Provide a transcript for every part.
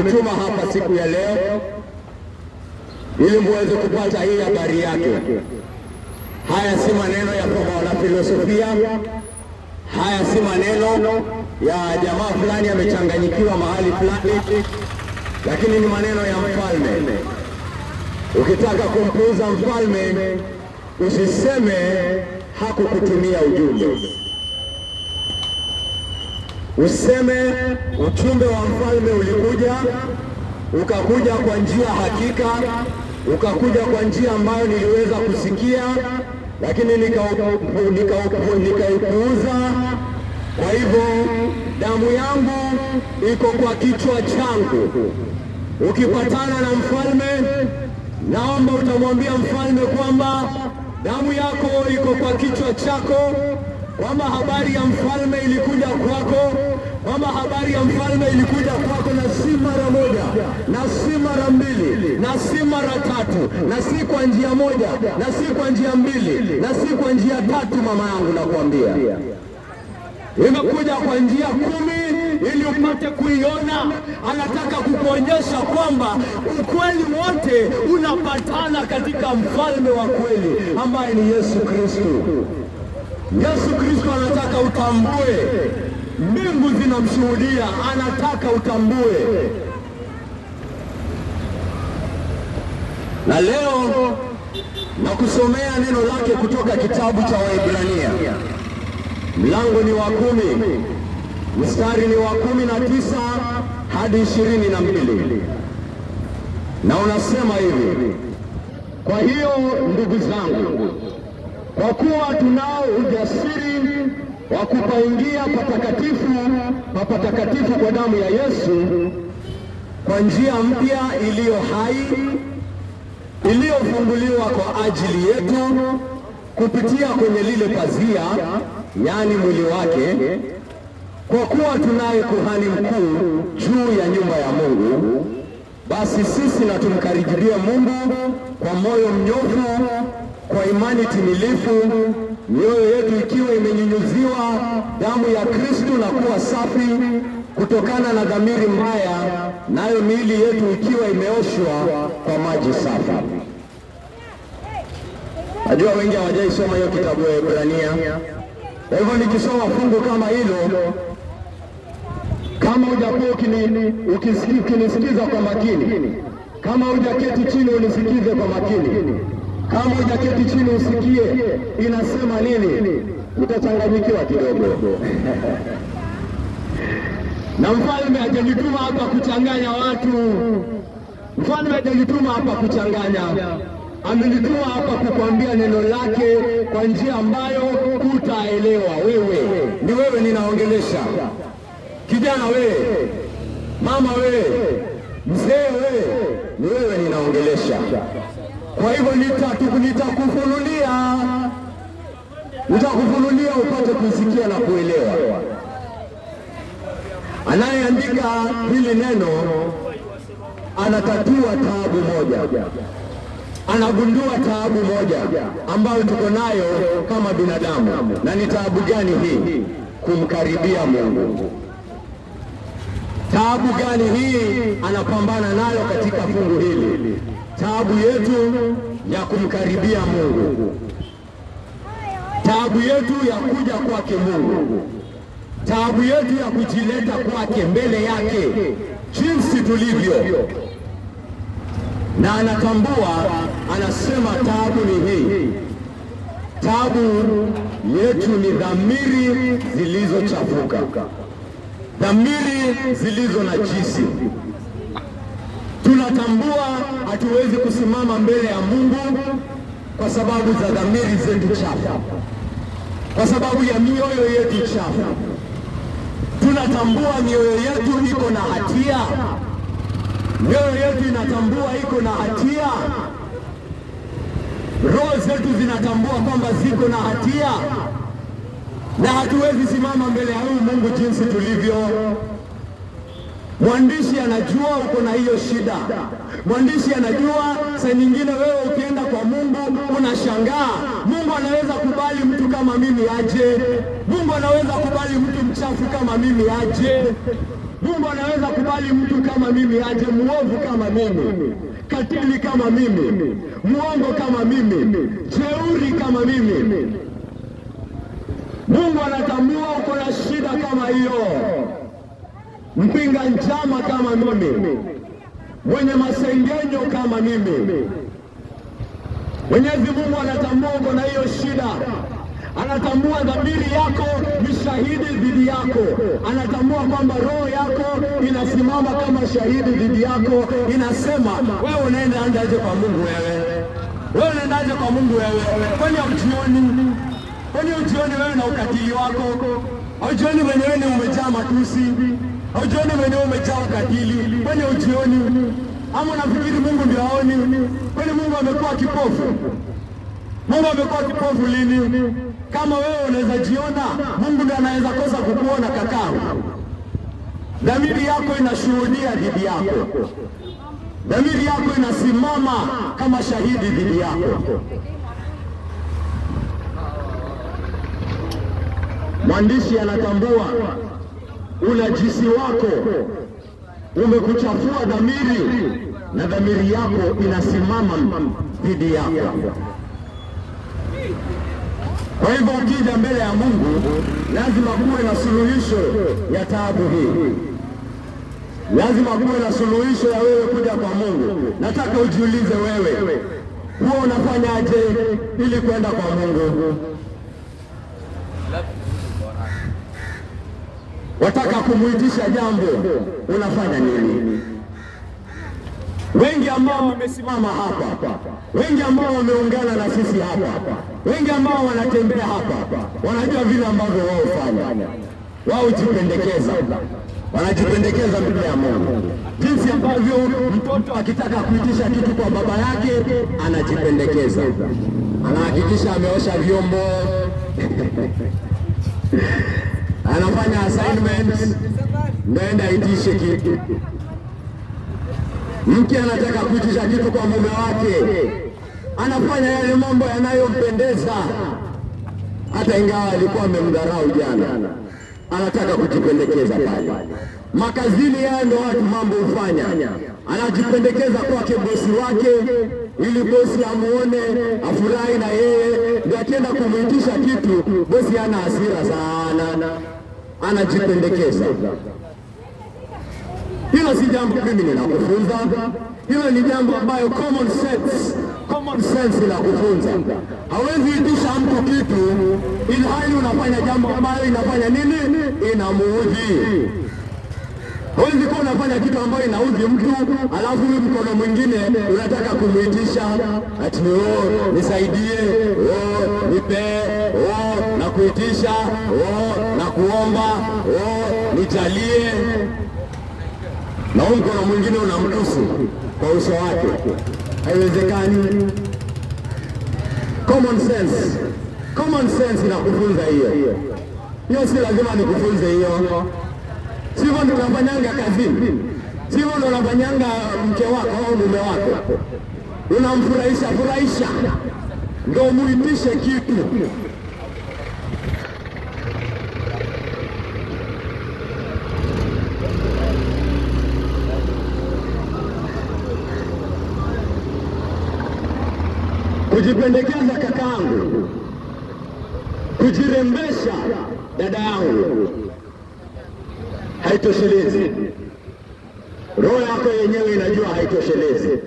ametutuma hapa siku ya leo ili muweze kupata hii habari yake. Haya si maneno ya filosofia, haya si maneno ya jamaa fulani amechanganyikiwa mahali fulani, lakini ni maneno ya mfalme. Ukitaka kumpuuza mfalme, usiseme hakukutumia ujumbe useme ujumbe wa mfalme ulikuja, ukakuja kwa njia hakika, ukakuja kwa njia ambayo niliweza kusikia, lakini nikaupuuza nika nika. Kwa hivyo damu yangu iko kwa kichwa changu. Ukipatana na mfalme, naomba utamwambia mfalme kwamba damu yako iko kwa kichwa chako, kwamba habari ya mfalme ilikuwa kama habari ya mfalme ilikuja kwako, na si mara moja, na si mara mbili, na si mara tatu, na si kwa njia moja, na si kwa njia mbili, na si kwa njia tatu. Mama yangu nakwambia, imekuja kwa njia kumi ili upate kuiona. Anataka kukuonyesha kwamba ukweli wote unapatana katika mfalme wa kweli ambaye ni Yesu Kristo. Yesu Kristo anataka utambue Mbingu zinamshuhudia, anataka utambue. Na leo nakusomea neno lake kutoka kitabu cha Waebrania, mlango ni wa kumi mstari ni wa kumi na tisa hadi ishirini na mbili na unasema hivi: kwa hiyo ndugu zangu, kwa kuwa tunao ujasiri wa kupaingia patakatifu patakatifu kwa damu ya Yesu kwa njia mpya iliyo hai iliyofunguliwa kwa ajili yetu kupitia kwenye lile pazia, yaani mwili wake, kwa kuwa tunaye kuhani mkuu juu ya nyumba ya Mungu. Basi sisi na tumkaribie Mungu kwa moyo mnyofu, kwa imani timilifu mioyo yetu ikiwa imenyunyuziwa damu ya Kristo na kuwa safi kutokana na dhamiri mbaya, nayo miili yetu ikiwa imeoshwa kwa maji safi. Najua wengi hawajaisoma hiyo kitabu ya Ibrania. Kwa hivyo nikisoma fungu kama hilo, kama hujakuwa ukinisikiza kwa makini, kama hujaketi chini unisikize kwa makini kama hujaketi chini usikie inasema nini, utachanganyikiwa kidogo. Na mfalme hajajituma hapa kuchanganya watu, mfalme hajajituma hapa kuchanganya, amejituma hapa kukwambia neno lake kwa njia ambayo utaelewa wewe. Ni wewe ninaongelesha, kijana wewe, mama wewe, mzee wewe, ni wewe ninaongelesha. Kwa hivyo nitakufululia, nitakufululia upate kuisikia na kuelewa. Anayeandika hili neno anatatua taabu moja, anagundua taabu moja ambayo tuko nayo kama binadamu. Na ni taabu gani hii? Kumkaribia Mungu. Taabu gani hii anapambana nayo katika fungu hili? taabu yetu ya kumkaribia Mungu, taabu yetu ya kuja kwake Mungu, taabu yetu ya kujileta kwake mbele yake jinsi tulivyo, na anatambua anasema, taabu ni hii. Taabu yetu ni dhamiri zilizochafuka, dhamiri zilizo na jisi tunatambua hatuwezi kusimama mbele ya Mungu kwa sababu za dhamiri zetu chafu, kwa sababu ya mioyo yetu chafu. Tunatambua mioyo yetu iko na hatia, mioyo yetu inatambua iko na hatia, roho zetu zinatambua kwamba ziko na hatia, na hatuwezi simama mbele ya huyu Mungu jinsi tulivyo. Mwandishi anajua uko na hiyo shida, mwandishi anajua saa nyingine wewe ukienda kwa Mungu unashangaa, Mungu anaweza kubali mtu kama mimi aje? Mungu anaweza kubali mtu mchafu kama mimi aje? Mungu anaweza kubali mtu kama mimi aje? Muovu kama mimi, katili kama mimi, muongo kama mimi, jeuri kama mimi. Mungu anatambua uko na shida kama hiyo mpinga njama kama mimi, mwenye masengenyo kama mimi. Mwenyezi Mungu anatambua uko na hiyo shida, anatambua dhamiri yako ni shahidi dhidi yako, anatambua kwamba roho yako inasimama kama shahidi dhidi yako, inasema wewe unaenda andaje kwa Mungu wewe wewe unaendaje kwa Mungu wewe? Kwani haujioni? Kwani haujioni wewe na ukatili wako? Haujioni wenyewe ni umejaa matusi? Ujioni mwenyewe umejaa ukatili, kwani ujioni? Ama unafikiri Mungu ndio aoni? Kwani Mungu amekuwa kipofu? Mungu amekuwa kipofu lini? Kama wewe unaweza jiona, Mungu ndiye anaweza kosa kukuona kakao. Dhamiri yako inashuhudia dhidi yako, dhamiri yako inasimama kama shahidi dhidi yako. Mwandishi anatambua Unajisi wako umekuchafua dhamiri na dhamiri yako inasimama dhidi yako. Kwa hivyo ukija mbele ya Mungu lazima kuwe na suluhisho ya taabu hii, lazima kuwe na suluhisho ya wewe kuja kwa Mungu. Nataka ujiulize wewe, huwa unafanyaje ili kwenda kwa Mungu? wataka kumwitisha jambo, unafanya nini? Wengi ambao wamesimama hapa, wengi ambao wameungana na sisi hapa, wengi ambao wanatembea hapa, wanajua vile ambavyo wao fanya Wao hujipendekeza, wanajipendekeza mbele ya Mungu, jinsi ambavyo mtoto akitaka kuitisha kitu kwa baba yake anajipendekeza, anahakikisha ameosha vyombo anafanya assignment, nenda itishe kitu. Mke anataka kuitisha kitu kwa mume wake, anafanya yale mambo yanayompendeza, hata ingawa alikuwa amemdharau jana, anataka kujipendekeza pale makazini. Yao ndo watu mambo hufanya, anajipendekeza kwake bosi wake ili bosi amuone afurahi na yeye, ndio akienda kumwitisha kitu, bosi ana hasira sana anajipendekeza. Hilo si jambo mimi ninakufunza, hilo ni jambo ambayo common sense, common sense inakufunza. Hawezi itisha mtu kitu ilhali unafanya jambo ambayo inafanya nini, inamuudhi. Hawezi kuwa unafanya kitu ambayo inaudhi mtu alafu huyu mkono mwingine unataka kumwitisha ati o oh, nisaidie, o oh, nipee, o oh, na kuitisha kuomba oh, nitalie, na huu mkono mwingine unamdusu kwa uso wake. Haiwezekani. Common sense, common sense inakufunza hiyo hiyo, si lazima nikufunze hiyo. Sivyo ndo unafanyanga kazini, sivyo ndo unafanyanga mke wako au mume wako, unamfurahisha furahisha ndo muitishe kitu kujipendekeza kakaangu, kujirembesha dada yangu, haitoshelezi. Roho yako yenyewe inajua haitoshelezi.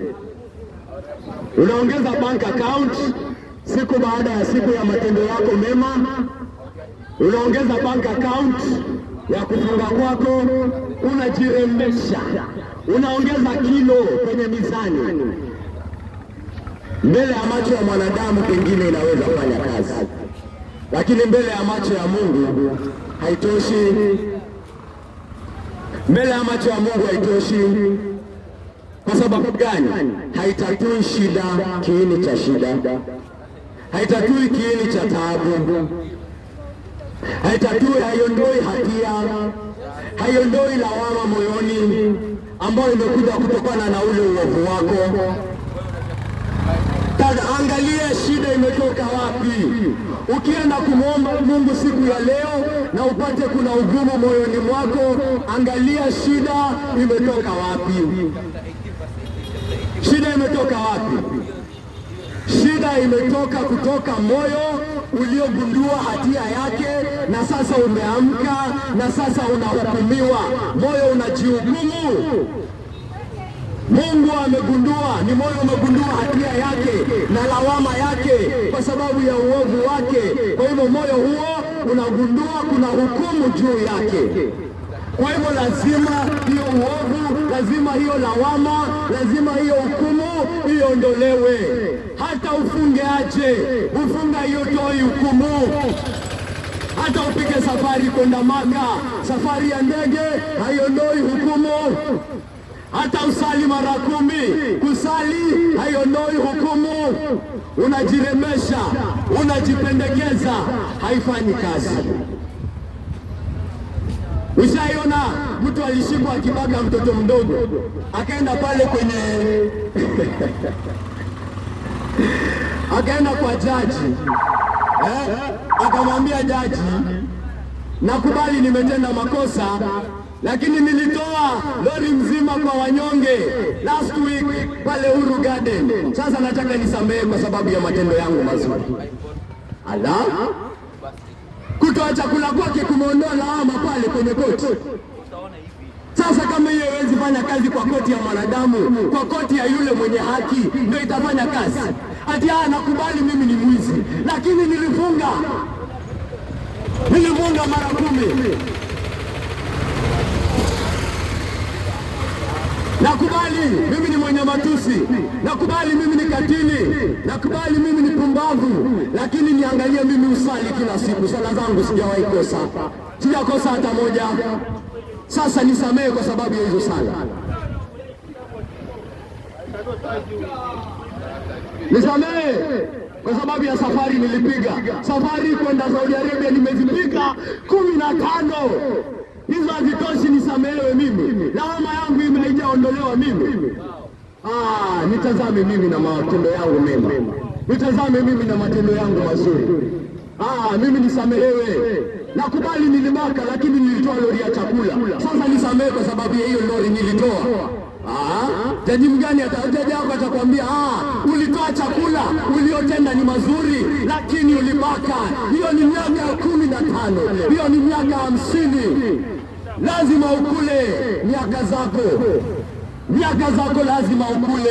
Unaongeza bank account siku baada ya siku ya matendo yako mema, unaongeza bank account ya kufunga kwako, unajirembesha, unaongeza kilo kwenye mizani mbele ya macho ya mwanadamu pengine inaweza kufanya kazi, lakini mbele ya macho ya Mungu haitoshi. Mbele ya macho ya Mungu haitoshi. Kwa sababu gani? Haitatui shida, kiini cha shida, haitatui kiini cha taabu, haitatui, haiondoi hatia, haiondoi lawama moyoni ambayo imekuja kutokana na ule uovu wako angalie shida imetoka wapi. Ukienda kumwomba Mungu siku ya leo na upate kuna ugumu moyoni mwako, angalia shida imetoka wapi. Shida imetoka wapi? Shida imetoka kutoka moyo uliogundua hatia yake na sasa umeamka na sasa unahukumiwa. Moyo unajihukumu. Mungu amegundua, ni moyo umegundua hatia yake na lawama yake kwa sababu ya uovu wake. Kwa hivyo moyo huo unagundua kuna hukumu juu yake. Kwa hivyo lazima hiyo uovu, lazima hiyo lawama, lazima hiyo hukumu iondolewe. Hata ufunge aje, ufunga hiyo toi hukumu hata upige safari kwenda Maka, safari ya ndege haiondoi hukumu hata usali mara kumi, kusali haiondoi hukumu. Unajiremesha, unajipendekeza, haifanyi kazi. Ushaiona mtu alishikwa akibaga mtoto mdogo, akaenda pale kwenye akaenda kwa jaji eh? Akamwambia jaji, nakubali nimetenda makosa lakini nilitoa lori mzima kwa wanyonge last week pale Uhuru Garden. Sasa nataka nisamehe kwa sababu ya matendo yangu mazuri. Ala, kutoa chakula kwake kumeondoa lawama pale kwenye koti. Sasa kama hiyo haiwezi fanya kazi kwa koti ya mwanadamu, kwa koti ya yule mwenye haki ndio itafanya kazi. Ati ah, nakubali mimi ni mwizi, lakini nilifunga, nilifunga mara kumi. Nakubali mimi ni mwenye matusi, nakubali mimi ni katili, nakubali mimi ni pumbavu, lakini niangalie mimi usali kila siku, sala zangu sijawahi kosa, sijakosa hata moja. Sasa nisamehe kwa sababu ya hizo sala, nisamehe kwa sababu ya safari nilipiga. Safari kwenda Saudi Arabia nimezipiga kumi na tano hizo hazitoshi, nisamehewe mimi, lawama yangu mimi haijaondolewa mimi. Ah, nitazame mimi na matendo yangu mema, nitazame mimi na matendo yangu mazuri. Ah, mimi nisamehewe. Nakubali nilibaka, lakini nilitoa lori ya chakula. Sasa nisamehe kwa sababu ya hiyo lori nilitoa Jaji mgani atajaji hapa atakwambia, ah, ulitoa chakula uliotenda ni mazuri, lakini ulibaka. Hiyo ni miaka ya kumi na tano, hiyo ni miaka hamsini. Lazima ukule miaka zako, miaka zako lazima ukule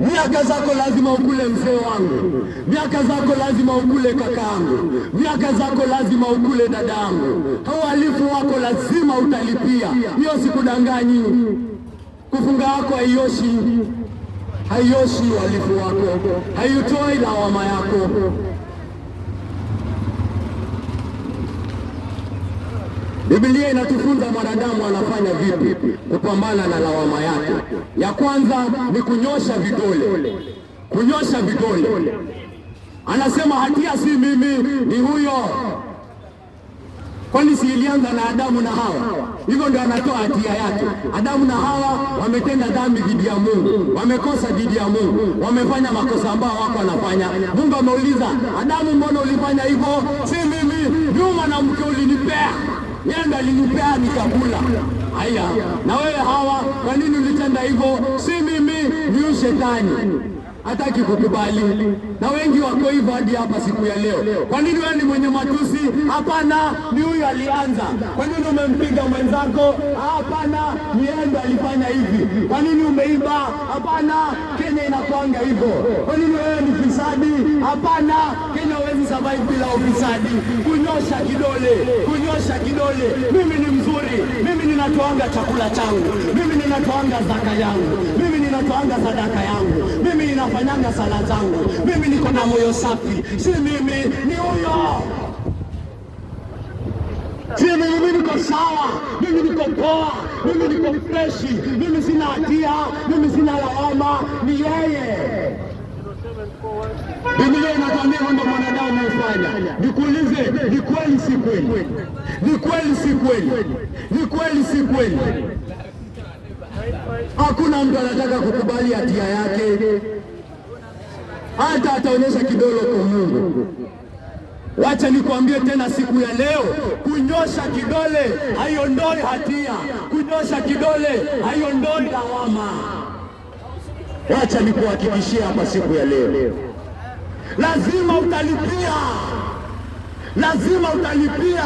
miaka zako lazima ukule, mzee wangu. Miaka zako lazima ukule, kakaangu. Miaka zako lazima ukule, dadangu. Hao wako lazima utalipia. Hiyo sikudanganyi Funga yako haioshi, haioshi uhalifu wako, haitoi lawama yako. Biblia inatufunza mwanadamu anafanya vipi kupambana na lawama yake. Ya kwanza ni kunyosha vidole, kunyosha vidole. Anasema hatia si mimi, ni huyo kwani si ilianza na Adamu na Hawa? Hivyo ndio anatoa hatia yake. Adamu na Hawa wametenda dhambi dhidi ya Mungu, wamekosa dhidi ya Mungu, wamefanya makosa ambayo wako wanafanya. Mungu ameuliza Adamu, mbona ulifanya hivyo? Si mimi, na mke ulinipea, yeye ndiye alinipea nikakula. Haya, na wewe Hawa, kwa nini ulitenda hivyo? Si mimi, ni shetani hataki kukubali, na wengi wako hivyo hadi hapa siku ya leo. Kwa nini wewe ni mwenye matusi Hapana, ni huyu alianza. Kwa nini umempiga mwenzako? Hapana, ni ndo alifanya hivi. Kwa nini umeiba? Hapana, Kenya inakwanga hivyo. Kwa nini wewe ni fisadi? Hapana, Kenya huwezi survive bila ufisadi. Kunyosha kidole, kunyosha kidole. Mimi ni mzuri, mimi ninatoanga chakula changu, mimi ninatoanga zaka yangu, mimi ninatoanga sadaka yangu, mimi ninafanyanga sala zangu, mimi niko na moyo safi, si mimi, ni huyo sema mimi niko sawa, mimi niko poa, mimi niko freshi, mimi sina hatia, mimi sina lawama, ni yeye. Biblia inatuambia kwamba mwanadamu hufanya. Nikuulize, ni kweli si kweli? Ni kweli si kweli? Ni kweli si kweli? Hakuna mtu anataka kukubali hatia yake, hata ataonyesha kidole kwa Mungu. Wacha nikuambie tena siku ya leo, kunyosha kidole haiondoi hatia, kunyosha kidole haiondoi lawama. Wacha nikuhakikishie hapa siku ya leo, lazima utalipia, lazima utalipia.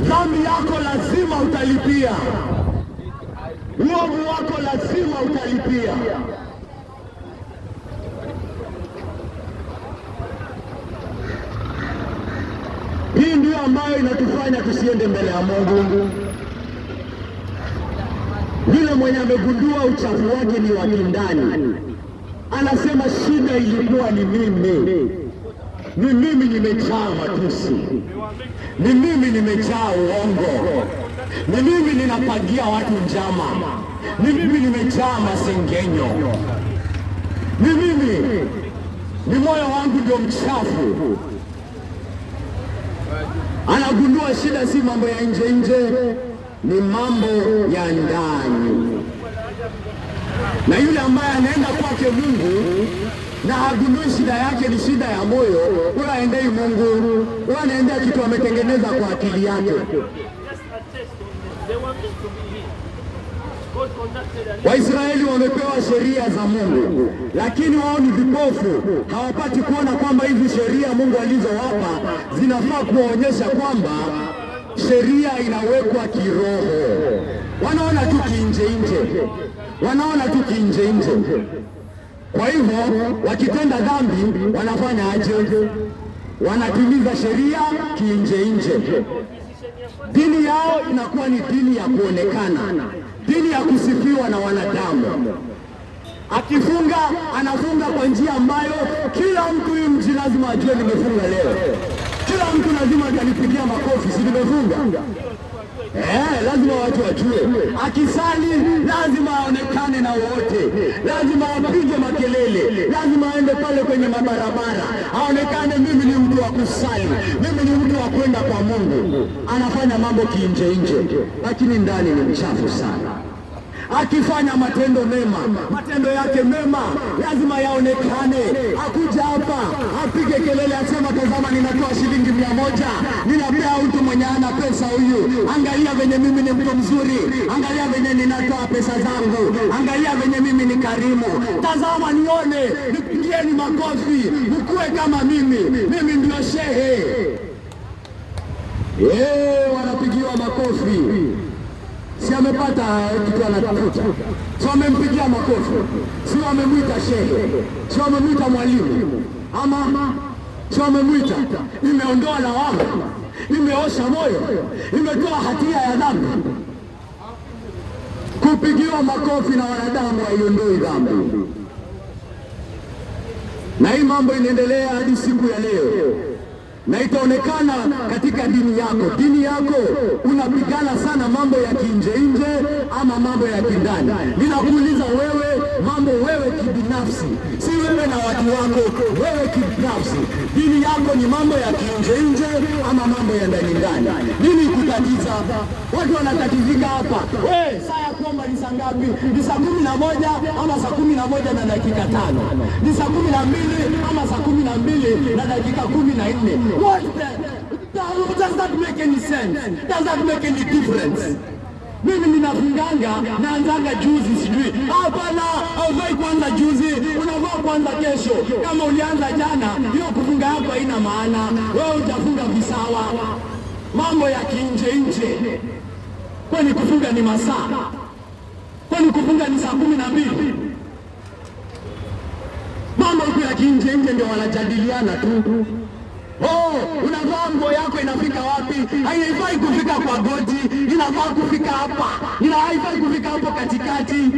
Dhambi yako lazima utalipia, uovu wako lazima utalipia. hii ndio ambayo inatufanya tusiende mbele ya Mungu. Yule mwenye amegundua uchafu wake ni wa kindani, anasema shida ilikuwa ni mimi, ni mimi nimejaa matusi, ni mimi nimejaa uongo, ni mimi ninapangia watu njama, ni mimi nimejaa masengenyo, ni mimi, ni moyo wangu ndio mchafu anagundua shida si mambo ya nje nje, ni mambo ya ndani. Na yule ambaye anaenda kwake Mungu na hagundui shida yake ni shida ya moyo, huyo aendei Mungu, huyo anaendea kitu ametengeneza kwa akili yake. Waisraeli wamepewa sheria za Mungu, lakini wao ni vipofu, hawapati kuona kwamba hizi sheria Mungu alizowapa zinafaa kuwaonyesha kwamba sheria inawekwa kiroho. Wanaona tu kinje nje, wanaona tu kinje nje. Kwa hivyo wakitenda dhambi wanafanya aje? Wanatimiza sheria kinje nje. Dini yao inakuwa ni dini ya kuonekana ajili ya kusifiwa na wanadamu. Akifunga anafunga kwa njia ambayo kila mtu huyu mji lazima ajue, nimefunga leo. Kila mtu lazima atanipigia makofi, si nimefunga Eh, lazima watu wajue. Akisali lazima aonekane na wote, lazima apige makelele, lazima aende pale kwenye mabarabara aonekane, mimi ni mtu wa kusali, mimi ni mtu wa kwenda kwa Mungu. Anafanya mambo kinje nje, lakini ndani ni mchafu sana akifanya matendo mema, matendo yake mema lazima yaonekane. Akuja hapa apige kelele, asema tazama, ninatoa shilingi mia moja ninapea mtu mwenye ana pesa huyu, angalia venye mimi ni mtu mzuri, angalia venye ninatoa pesa zangu, angalia venye mimi ni karimu, tazama nione, nipigieni makofi, mkuwe kama mimi, mimi ndio shehe. Yeah, ee, wanapigiwa makofi si amepata kitu anatafuta, si amempigia makofi, si amemwita shehe, si amemwita mwalimu, ama si amemwita imeondoa lawama, imeosha moyo, imetoa hatia ya dhambi. Kupigiwa makofi na wanadamu haiondoi dhambi, na hii mambo inaendelea hadi siku ya leo na itaonekana katika dini yako. Dini yako unapigana sana mambo ya kinje nje ama mambo ya kindani. Ninakuuliza wewe, mambo wewe kibinafsi, si wewe na watu wako, wewe kibinafsi, dini yako ni mambo ya kinje nje ama mambo ya ndani ndani? Nini kutatiza? Watu wanatatizika hapa. Wewe saa ya kuomba ni saa ngapi? Ni saa kumi na moja ama saa kumi na moja na dakika tano? Ni saa kumi na mbili ama saa kumi na mbili na dakika kumi na nne? What that, doesn't make any sense. that make any difference. Mimi ninafunganga naanzanga juzi, sijui hapana. auvai kuanza juzi, unavaa kuanza kesho. Kama ulianza jana, hiyo kufunga yako haina maana. Wewe utafunga visawa, mambo ya kinje nje. Kwani kufunga ni masaa? kweni kufunga ni saa kumi na mbili? Mambo huku ya kinje nje ndio wanajadiliana tu. Oh, unavaa nguo yako inafika wapi? Haifai kufika kwa goti, inafaa kufika hapa, ila haifai kufika hapo katikati.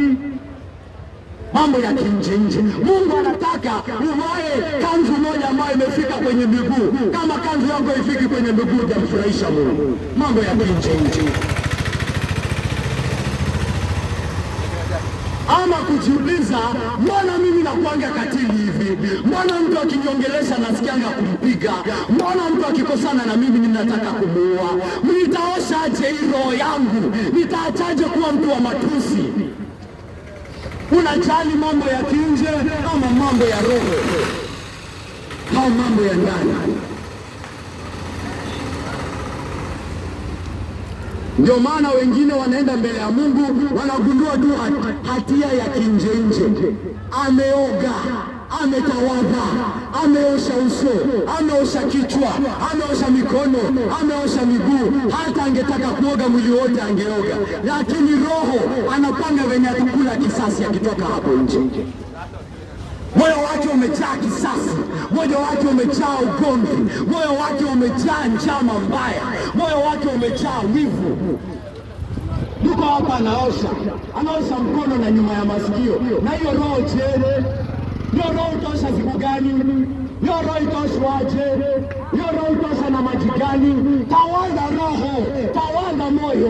Mambo ya kinjinji. Mungu anataka uvae kanzu moja ambayo imefika kwenye miguu. Kama kanzu yako ifiki kwenye miguu, jamfurahisha Mungu. Mambo ya kinjinji. ama kujiuliza, mbona mimi nakuanga katili hivi? Mbona mtu akiniongelesha nasikianga kumpiga? Mbona mtu akikosana na mimi ninataka kumuua? Nitaoshaje hii roho yangu? Nitaachaje kuwa mtu wa matusi? Unajali mambo ya kinje ama mambo ya roho au mambo ya ndani? Ndio maana wengine wanaenda mbele ya Mungu wanagundua tu hatia ya kinjenje, ameoga ametawadha ameosha uso, ameosha kichwa, ameosha mikono, ameosha miguu. Hata angetaka kuoga mwili wote angeoga, lakini roho anapanga venye atakula kisasi akitoka hapo nje wake umejaa kisasi, moyo wake umejaa ugomvi, moyo wake umejaa njama mbaya, moyo wake umejaa wivu. Yuko hapa anaosha, anaosha mkono na nyuma ya masikio, na hiyo roho jele, hiyo roho itaosha siku gani? Hiyo roho itaoshwaje? Hiyo roho itaosha na maji gani? Tawala roho, tawanda moyo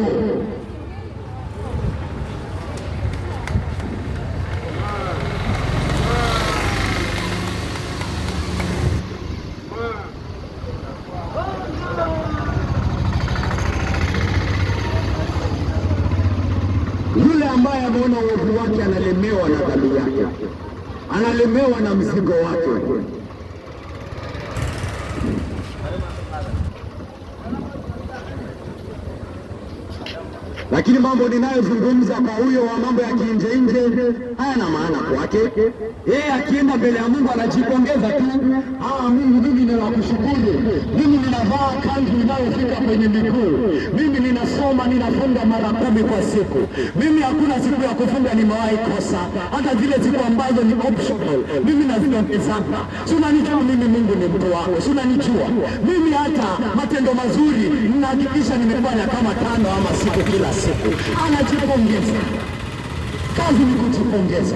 ambaye ameona uovu wake analemewa na dhambi yake, analemewa na mzigo wake. lakini mambo ninayozungumza kwa huyo wa mambo ya kinje nje hayana maana kwake. Yeye akienda mbele ya Mungu anajipongeza tu, ah, Mungu mimi ninakushukuru, mimi ninavaa kanzu inayofika kwenye miguu, mimi ninasoma ninafunga mara kumi kwa siku, mimi hakuna siku ya kufunga nimewahi kosa, hata zile siku ambazo ni optional mimi naziongezana. Si unanijua mimi, Mungu ni mtu wako, si mimi, hata matendo mazuri ninahakikisha nimefanya kama tano ama siku kila siku anajipongeza. Kazi ni kujipongeza,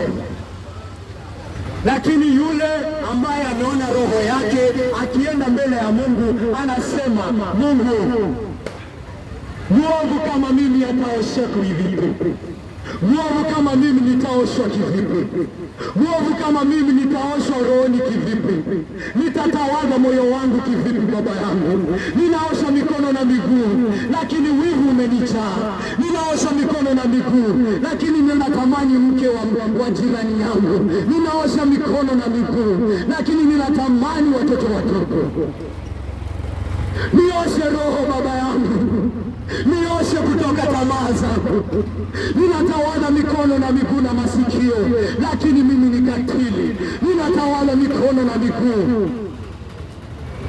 lakini yule ambaye ameona roho yake akienda mbele ya Mungu anasema, Mungu, mwovu kama mimi ataosheka hivipi? Mwovu kama mimi nitaoshwa kivipi? Mwovu kama mimi nitaoshwa rohoni kivipi? Nitatawaza moyo wangu kivipi? Baba yangu ninaosha mikono na miguu, lakini wivu umenichaa. Ninaosha mikono na miguu, lakini ninatamani mke wa, wa jirani yangu. Ninaosha mikono na miguu, lakini ninatamani watoto wadogo. Nioshe roho baba yangu, nioshe kutoka tamaa zangu. Ninatawala mikono na miguu na masikio, lakini mimi ni katili. Ninatawala mikono na miguu,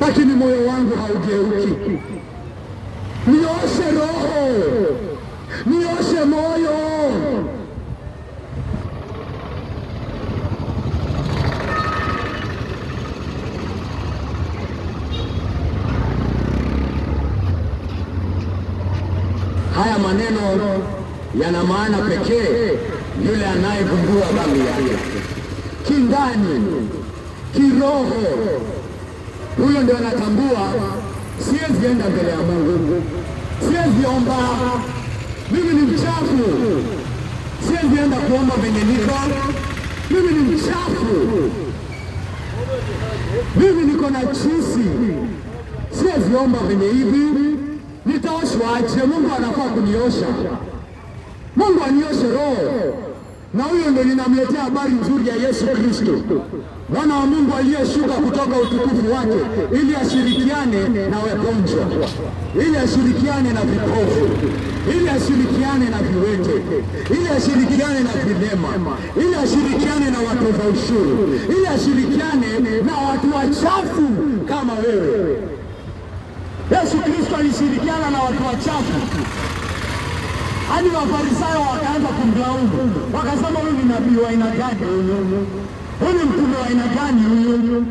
lakini moyo wangu haugeuki nioshe roho, nioshe moyo. Haya maneno yana maana pekee yule anayegundua dhambi yake kindani, kiroho, huyo ndio anatambua siwezi enda mbele ya Mungu, siwezi omba. Mimi ni mchafu, siwezi enda kuomba venye niko. Mimi ni mchafu, mimi niko na chisi siwezi omba venye hivi. Nitaoshwaje? Mungu anafaa kuniosha. Mungu anioshe roho na huyo ndo ninamletea habari nzuri ya Yesu Kristo mwana wa Mungu aliyeshuka kutoka utukufu wake ili ashirikiane na wagonjwa, ili ashirikiane na vipofu, ili ashirikiane na viwete, ili ashirikiane na vilema, ili ashirikiane na watoza ushuru, ili ashirikiane na watu wachafu kama wewe. Yesu Kristo alishirikiana na watu wachafu hadi yaani Wafarisayo wakaanza kumlaumu wa aina gani huyu? Huyu mtume wa aina gani huyu?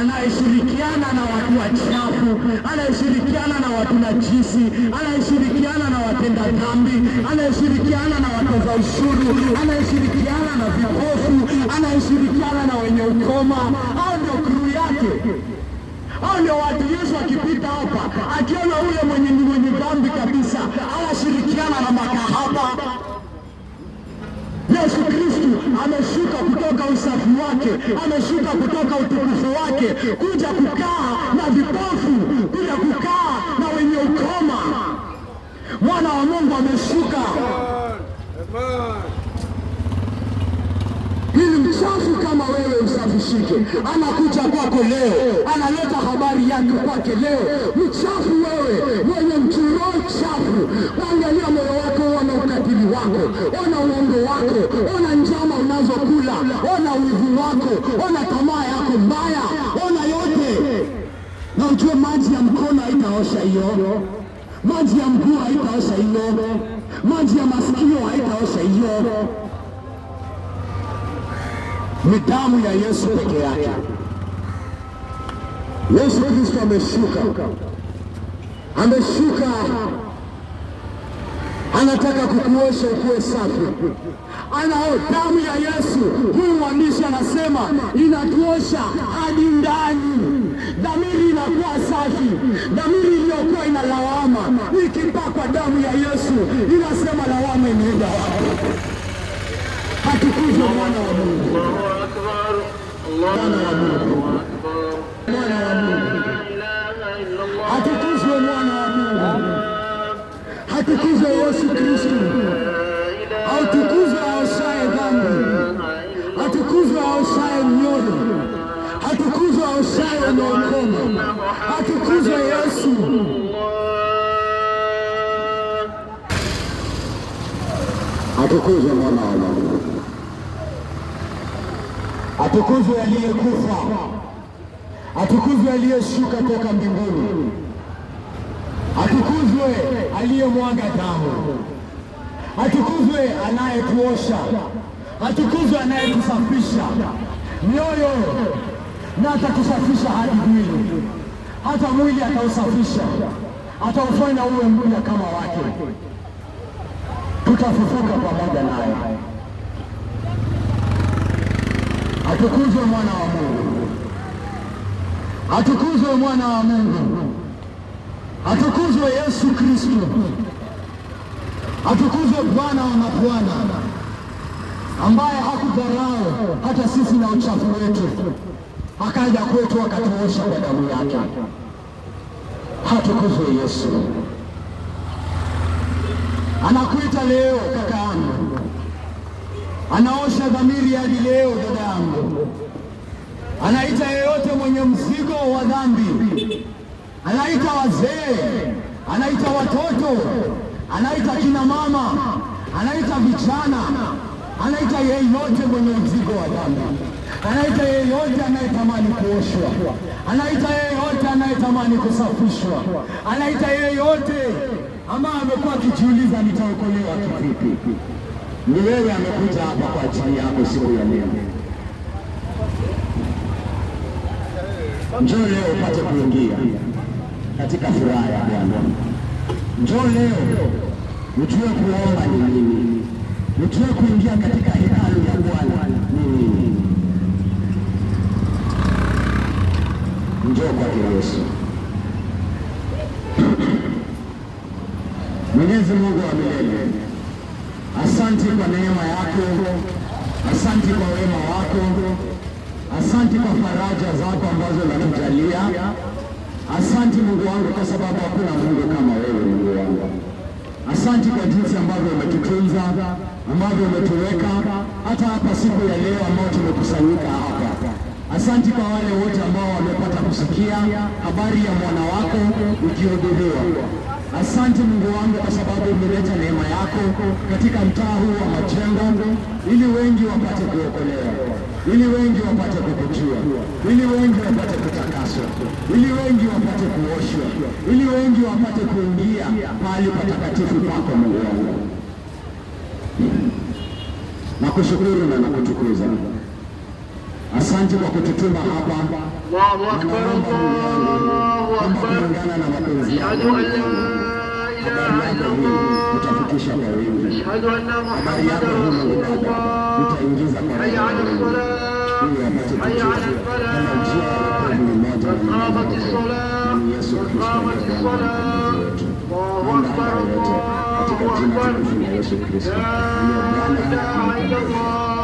anayeshirikiana na watu wachafu, anayeshirikiana na watu najisi, anayeshirikiana na watenda dhambi, anayeshirikiana na watoza ushuru, anayeshirikiana na vipofu, anayeshirikiana na wenye ukoma. Hao ndio kuru yake, hao ndio watu. Yesu akipita hapa, akiona ule mwenye ni mwenye dhambi kabisa, anashirikiana na makahaba Yesu Kristu ameshuka kutoka usafi wake, ameshuka kutoka utukufu wake kuja kukaa na vipofu, kuja kukaa na wenye ukoma. Mwana wa Mungu ameshuka ili mchafu kama wewe usafishike. Anakuja kwako leo, analeta habari yangu kwake leo. Mchafu wewe mwenye mchurocha yako, ona tamaa yako mbaya, ona yote, na ujue maji ya mkono haitaosha hiyo, maji ya mguu haitaosha hiyo, maji ya masikio haitaosha hiyo, ni damu ya Yesu peke yake. Yesu Kristo ameshuka, ameshuka, anataka kukuosha ukuwe safi anao damu ya Yesu. Huyu mwandishi anasema inatuosha hadi ndani, dhamiri inakuwa safi. Dhamiri iliyokuwa ina lawama ikipakwa damu ya Yesu inasema lawama imeenda wapi? Atukuzwe mwana wa Mungu, mwana wa Mungu, mwana wa Mungu, atukuzwe mwana wa Mungu, atukuzwe Yesu Kristo. usawa na ukoma. Atukuzwe Yesu. Atukuzwe mwana wa Mungu. Atukuzwe aliyekufa. Atukuzwe aliyeshuka toka mbinguni. Atukuzwe aliyemwaga damu. Atukuzwe anayetuosha. Atukuzwe anayetusafisha mioyo na atakusafisha hadi mwili, hata mwili atausafisha, ataufanya uwe mmoja kama wake. Tutafufuka pamoja naye. Atukuzwe mwana wa Mungu, atukuzwe mwana wa Mungu, atukuzwe Yesu Kristo, atukuzwe Bwana wa mabwana ambaye hakudharau hata sisi na uchafu wetu akaja kwetu akatuosha kwa damu yake. Hatukuzwe Yesu. Anakuita leo kaka yangu, anaosha dhamiri hadi leo dada yangu, anaita yeyote mwenye mzigo wa dhambi, anaita wazee, anaita watoto, anaita kina mama, anaita vijana, anaita yeyote mwenye mzigo wa dhambi anaita yeyote anayetamani kuoshwa, anaita yeyote anayetamani kusafishwa, anaita yeyote ambaye amekuwa akijiuliza nitaokolewa kivipi. Ni wewe amekuja hapa kwa ajili yako siku ya leo. Njoo leo upate kuingia katika furaha ya Bwana. Njoo leo ujue kuomba ni nini, ujue kuingia katika hekalu njoo kwake Yesu. Mwenyezi Mungu wa milele, asante kwa neema yako, asante kwa wema wako, asante kwa faraja zako ambazo unatujalia. Asante Mungu wangu kwa sababu hakuna Mungu kama wewe Mungu wangu. Asante kwa jinsi ambavyo umetutunza, ambavyo umetuweka hata hapa siku ya leo ambao tumekusanyika asante kwa wale wote ambao wamepata kusikia habari ya mwana wako ukiogolewa. Asante Mungu wangu kwa sababu umeleta neema yako katika mtaa huu wa Majengo ili wengi wapate kuokolewa, ili wengi wapate kuputiwa, ili wengi wapate kutakaswa, ili wengi wapate kuoshwa, ili wengi wapate kuingia pahali patakatifu pako Mungu wangu. Nakushukuru na nakutukuza. Asante kwa kututuma hapa. Allahu akbar, Allahu akbar. Ashhadu an la ilaha illa Allah. Tutafikisha kwa wingi. Ashhadu anna Muhammadan rasulullah. Tutaingiza kwa wingi. Hayya ala salah. Hayya ala falah. Qad qamat as-salah. Allahu akbar, Allahu akbar.